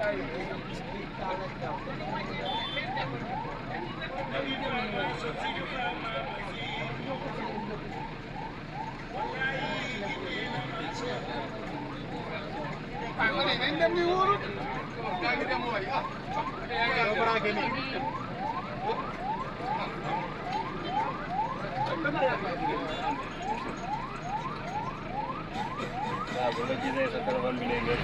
ah ma ne nañ dem ni wóorul yaa ngi dem mooy ah yow balaa gën nii. waaw bu ma gisee sa téléphone bi léegi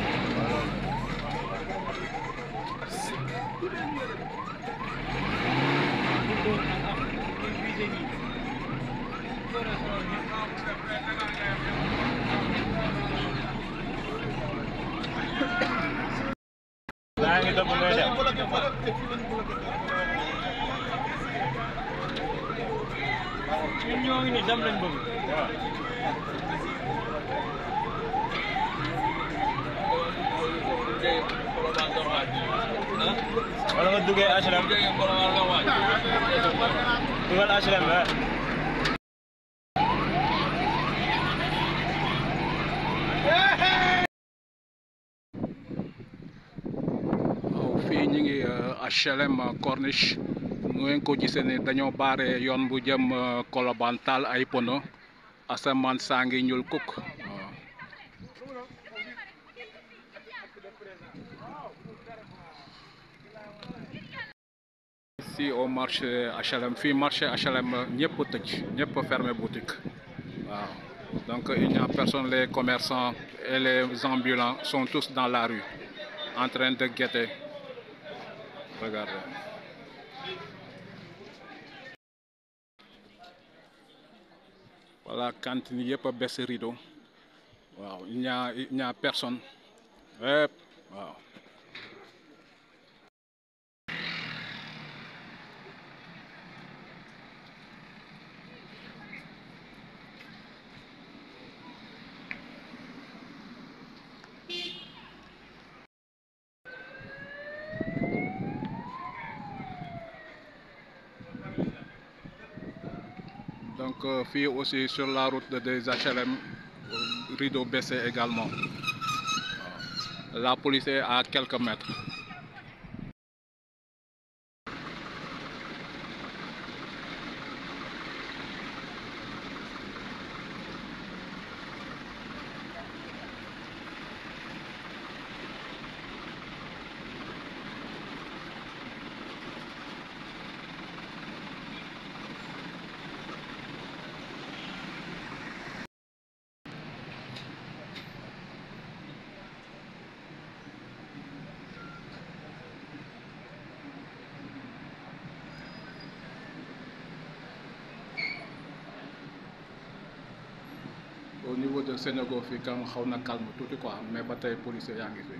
ñoo ngi nii dem lañ bëgg wala nga duggee HLM dugal HLM eh. waaw. ngi euh, H&M, euh, ko gisee ne dañoo baare yoon bu jëm Colobane euh, taal ay pono asamaan saa ngi ñuul kukk. ici au marché HLM fii marché HLM ñëpp a tëj ñëpp a fermé boutique donc il n'y a personne les commerçants et les ambulants sont tous dans la rue en train de guetter regardez voilà cantine yëpp a baissé rideau waaw il n'y donc euh, fii aussi sur la route des HLM euh, rideau baissé également la police est à quelques mètres au niveau de Sénégal fii kam xaw na calme tuuti quoi mais ba tey policier yaa ngi fi.